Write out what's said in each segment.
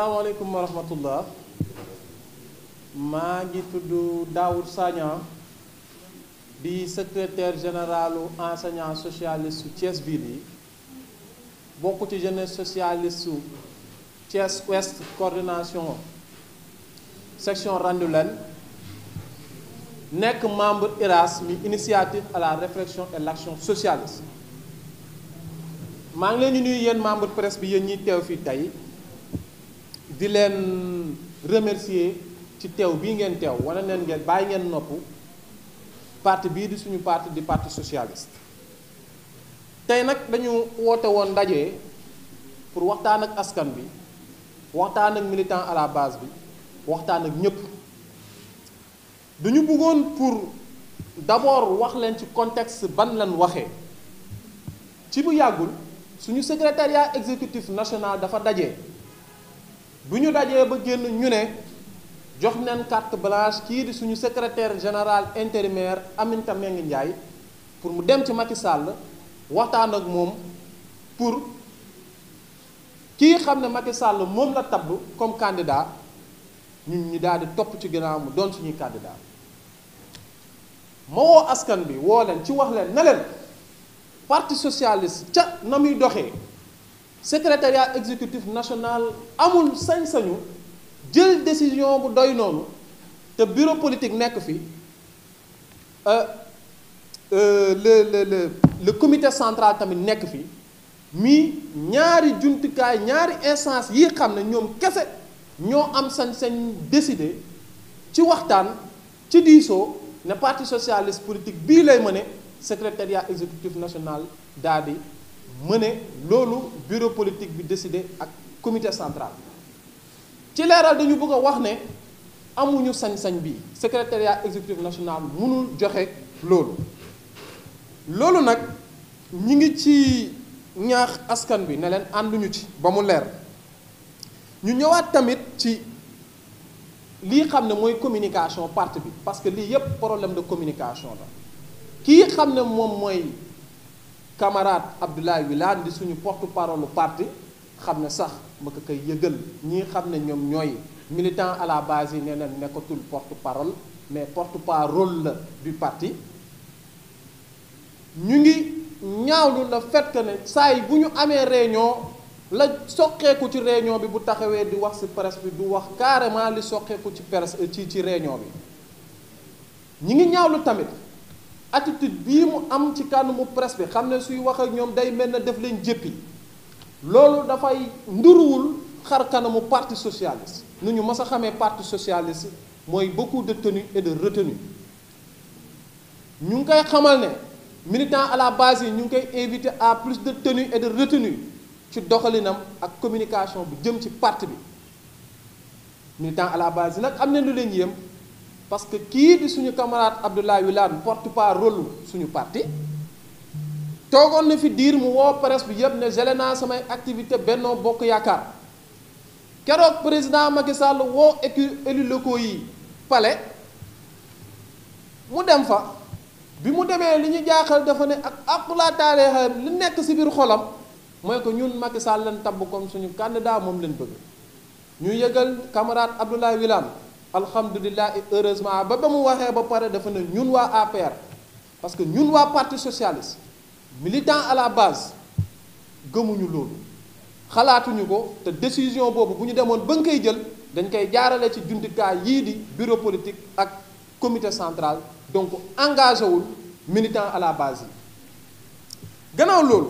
alaikum wa rahmatullah maa ngi tudd Daoud Sagna di secrétaire général enseignant socialiste su Thiès bii nii bokk jeunesse socialiste su Thiès Ouest coordination section Randoulène nekk membre IRAS mi initiative à la réflexion et l'action socialiste maa ngi leen di nuyu membre presse bi yéen ñi teew di leen remercier ci teew bii ngeen teew wane neen ngeen bàyyi ngeen nopp parti bii di suñu parti di parti socialiste tey nag dañu woote woon ndaje pour waxtaan ak askan bi waxtaan ak militant à la base bi waxtaan ak ñëpp duñu bëggoon pour d'abord wax leen ci contexte ban lan waxee ci bu yàggul suñu secrétariat exécutif national dafa daje. bu ñu dajee ba génn ñu ne jox neen carte blanche kii di suñu secretaire général intérimaire Aminata Mbengue Ndiaye pour mu dem ci Macky sàll waxtaan ak moom pour kii xam ne Macky sàll moom la tabb comme candidat ñun ñi daal di topp ci ginnaaw mu doon suñuy candidat ma askan bi woo leen ci wax leen na leen parti socialiste ca na muy doxee secrétariat exécutif national amul sañ-sañu jël décision bu doy noonu te bureau politique nekk fi euh, euh, le le le le comité central tamit nekk fi mi ñaari jumtukaay ñaari instance yi xam ne ñoom kese ñoo am sañ-sañ décider ci waxtaan ci diisoo ne parti socialiste politique bii lay mëne secrétariat exécutif national dadi. mu ne loolu bureau politique bi décidé ak comité central ci leeral dañu bëgg a wax ne amuñu sañ-sañ bi secrétariat exécutif national mënul joxe loolu loolu nag ñi ngi ci ñaax askan bi ne leen ànduñu ci ba mu leer ñu ñëwaat tamit ci lii xam ne mooy communication parti bi parce que lii yépp problème de communication la kii xam ne moom mooy camarade Abdoulaye Wilane di suñu porte parole parti xam ne sax ma ko koy yëgal ñii xam ne ñoom ñooy militant à la base yi nee na nekkatul porte parole mais porte parole la bi parti ñu ngi ñaawlu la fait que ne saa bu ñu amee réunion la soqeeku ci réunion bi bu taxawee di wax ci presse bi du wax carrément li soqeeku ci presse ci ci réunion bi ñu ngi ñaawlu tamit. attitude bi mu am ci mu presse bi xamne ne suy wax ak ñom day mel ne def leen jëppi loolu fay nduruwul xar kanamu parti socialiste nu ñu mës xamé parti socialiste moy beaucoup de tenue et de retenue ñu ngi koy xamal ne militant à la base ñu ngi koy invité à plus de tenue et de retenue ci doxalinam ak communication bu jëm ci parti bi militant à la base nak amna lu leen yëm parce que kii di suñu camarade Abdoulaye Wilane porte pas rôle suñu parti togon na fi diir mu wo presse bi yeb ne gelé naa samay activité Benno Bokk yakar keroog président Macky Sall woo élu locaux yi palais mu dem fa bi mu démé li ñu jaaxal dafa né ak aqla taalexa li nekk si bir xolam moy ko ñun Macky Sall leen tabb comme suñu candidat mom leen bëgg ñu yëgal camarade Abdoulaye Wilane alhamdulillah et heureusement ba ba mu waxee ba pare dafa ne ñun à APR parce que ñun waa parti socialiste militant à la base gëmuñu loolu xalaatuñu ko te décision boobu bu ñu demoon ba nga koy jël dañ koy jaarale ci jundikaay yii di bureau politique ak comité central donc engagé wul militant à la base yi gannaaw loolu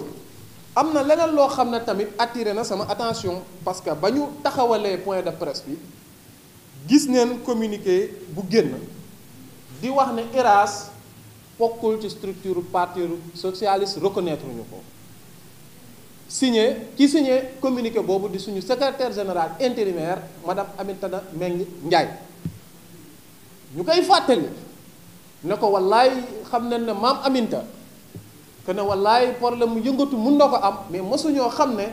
am na leneen loo xam ne tamit attiré na sama attention parce que ba ñu taxawalee point de presse gis neen communiqué bu génn di wax ne ERAS bokkul ci structure parti socialiste reconnaître ñu ko signé ki signé communiqué boobu di suñu secretaire général intérimaire madame Aminata Mbengue Ndiaye ñu koy fàttali ne ko wallaay xam nañ ne maam Aminta que ne wallaay problème mu yëngatu mun na ko am mais mosuñoo xam ne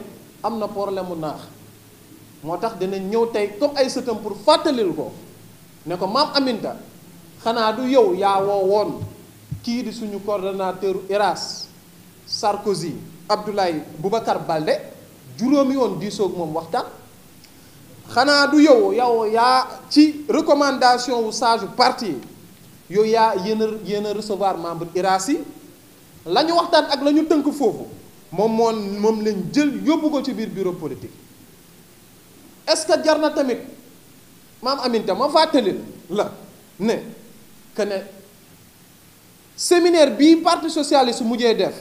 am na problème mu naax moo tax dinañ ñëw tey comme ay sëtam pour fàttalil ko ne ko maam Aminta xanaa du yow yaa woo woon kii di suñu coordonnateur Eras Sarkozy Abdoulaye Boubacar Balde juróomi yoon diisoog moom waxtaan xanaa du yow yow yaa ci recommandation wu sage parti yow yaa yéen a yéen a recevoir membre Eras yi la ñu waxtaan ak lañu ñu tënk foofu moom moon moom lañ jël yóbbu ko ci biir bureau politique est que jar na tamit maam Aminta ma fàttali la ne que ne séminaire bii parti socialiste mujjee def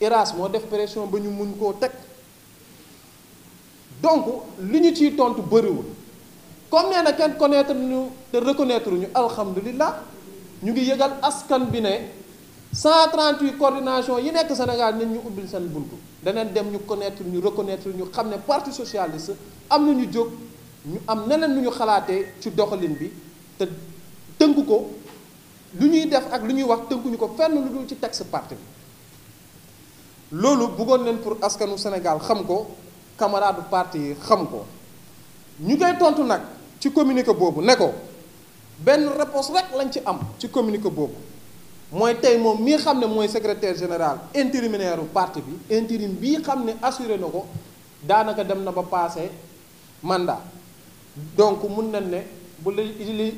IRAS moo def pression ba ñu mun koo teg donc li ñu ciy tontu bëriwul comme nee na kenn connaître ñu te reconnaître ñu alhamdulilah ñu ngi yëgal askan bi ne 138 coordination yi nekk Sénégal nit ñu ubbil seen buntu. danañ dem ñu connaître ñu reconnaître ñu xam ne parti socialiste am na ñu jóg ñu am neneen lu ñu xalaatee ci doxalin bi te tënk ko lu ñuy def ak lu ñuy wax tënkuñu ko fenn lu dul ci texte parti bi loolu bëggoon leen pour askanu Sénégal xam ko camarade parti xam ko ñu koy tontu nag ci communiqué boobu ne ko benn réponse rek lañ ci am ci communiqué boobu moy tay mom mi xam moy secrétaire général intérimaire parti bi intérim bi xam ne assuré na ko dem na ba passé mandat donc mun nañ né bu la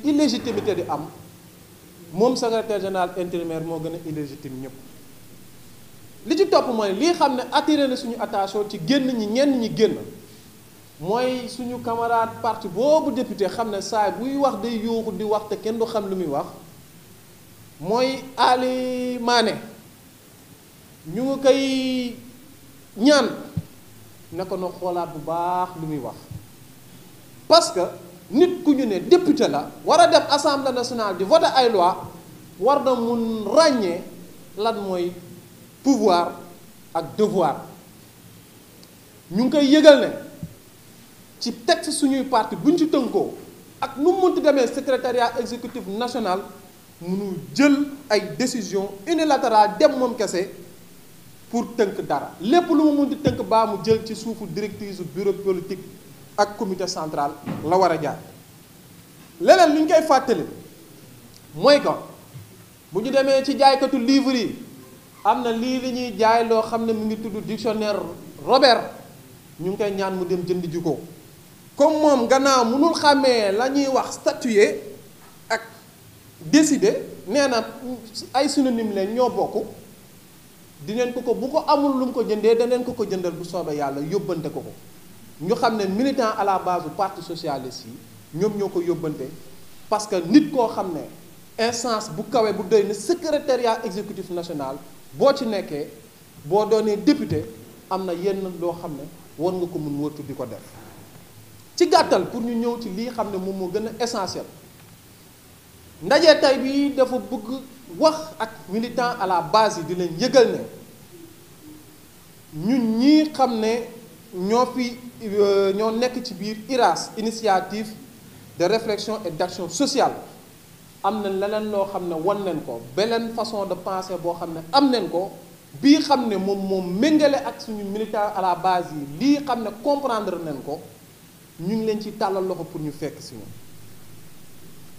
illégitimité di am mom secrétaire général intérimaire mo gëna illégitime ñëpp li ci top moy li xam ne attiré na suñu attention ci génn ñi ñenn ñi génn moy suñu camarade parti bobu député xam saay buy wax day yuuxu di wax te kenn du xam lu muy wax moy Ali Mané ñu ngi koy ñaan na ko na xoolaat bu baax lu muy wax parce que nit ku ñu ne député la war a def assemblée nationale di voter ay loi war na mun ràññee lan mooy pouvoir ak devoir ñu ngi koy yëgal ne ci texte suñuy parti buñ ci tënkoo ak nu mu munti demee secrétariat exécutif national mënul jël ay décision unilatérale dem moom kese pour tënk dara lépp lu mu mun di tënk baa mu jël ci suufu directrice bureau politique ak comité central la war a jaar leneen lu ñu koy fàttali mooy que bu ñu demee ci jaaykatu livre yi am na lii li ñuy jaay loo xam ne mu ngi tudd dictionnaire Robert ñu ngi koy ñaan mu dem jënd ji ko comme moom gannaaw mënul xàmmee la ñuy wax statuer décidé nee na sunu synonyme leen ñoo bokk dineen ko ko bu ko amul lu mu ko jëndee daneen ko ko jëndal bu soobee yàlla yóbbante ko ko ñu xam ne militant à la base du parti socialiste yi ñoom ñoo ko yóbbante parce que nit koo xam ne instance bu kawee bu doy na secrétariat exécutif national boo ci nekkee boo doonee député am na yenn loo xam ne war nga ko mun wëttu di ko def ci gàttal pour ñu ñëw ci lii xam ne moom moo gën a essentiel ndaje tay bi dafa bëgg wax ak militant à la base di leen yëgal ne ñun ñii xam ne ñoo fi euh, ñoo nekk ci biir IRAS initiative de réflexion et d'action sociale am na leneen loo xam ne wan nañ ko beneen façon de penser boo xam ne am nañ ko bii xam ne moom moom méngale ak suñu militant à la base yi lii xam ne comprendre nañ ko ñu ngi leen ci tàllal loxo pour ñu fekk si ñoom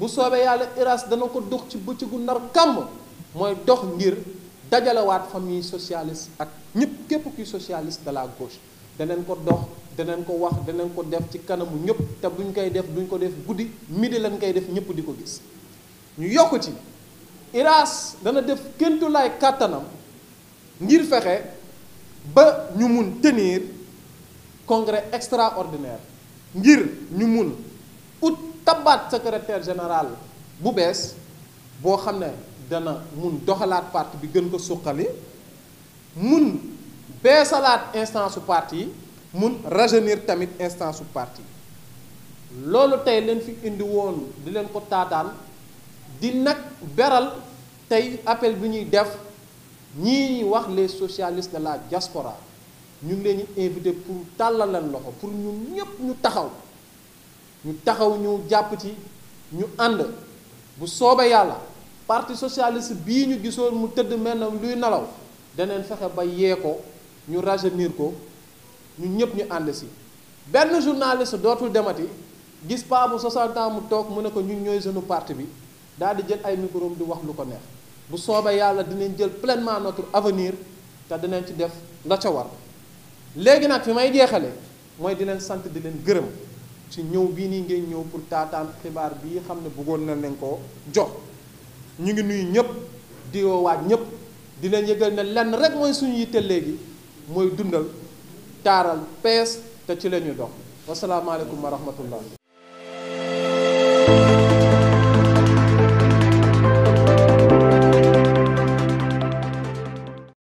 bu soobee yàlla IRAS dana ko dox ci bëccëgu kàmm dox ngir dajalewaat famille socialiste ak ñëpp képp kuy socialiste de la gauche danañ ko dox danañ ko wax danañ ko def ci kanamu ñëpp te buñ koy def duñ ko def guddi midi lañ koy def ñëpp di gis ñu IRAS dana def kàttanam ngir ba ñu tenir congrès extraordinaire ngir ñu ut tabaat secrétaire général bu bees boo xam ne dana mun doxalaat parti bi gën ko suqali mun beesalaat instance su parti yi mun rajeunir tamit instance parti loolu tey leen fi indi woon di leen ko taataan di nag beral tey appel bi ñuy def ñii wax les socialistes de la diaspora ñu ngi leen di invité pour tàllal leen loxo pour ñun ñëpp ñu taxaw ñu taxaw ñu jàpp ci ñu ànd bu soobee yàlla parti socialiste bii ñu gisoon mu tëdd mel na luy nelaw daneen fexe ba yee ko ñu rajeunir ko ñu ñëpp ñu ànd si benn journaliste dootul demati gis paa bu 60 mu toog mu ne ko ñu ñooy jeune parti bi daal di jël ay micro di wax lu ko neex bu soobee yàlla dinañ jël pleinement notre avenir te dinañ ci def la ca war léegi nag fi may jeexale mooy di leen sant di leen gërëm ci ñëw bii nii ngeen ñëw pour taataan xibaar bii xam ne bëggoon na leen ko jox ñu ngi nuy ñëpp di woowaat ñëpp di leen yëgal ne lenn rek mooy suñu yitte léegi mooy dundal taaral pees te ci la ñuy dox wasalaamaaleykum wa rahmatullah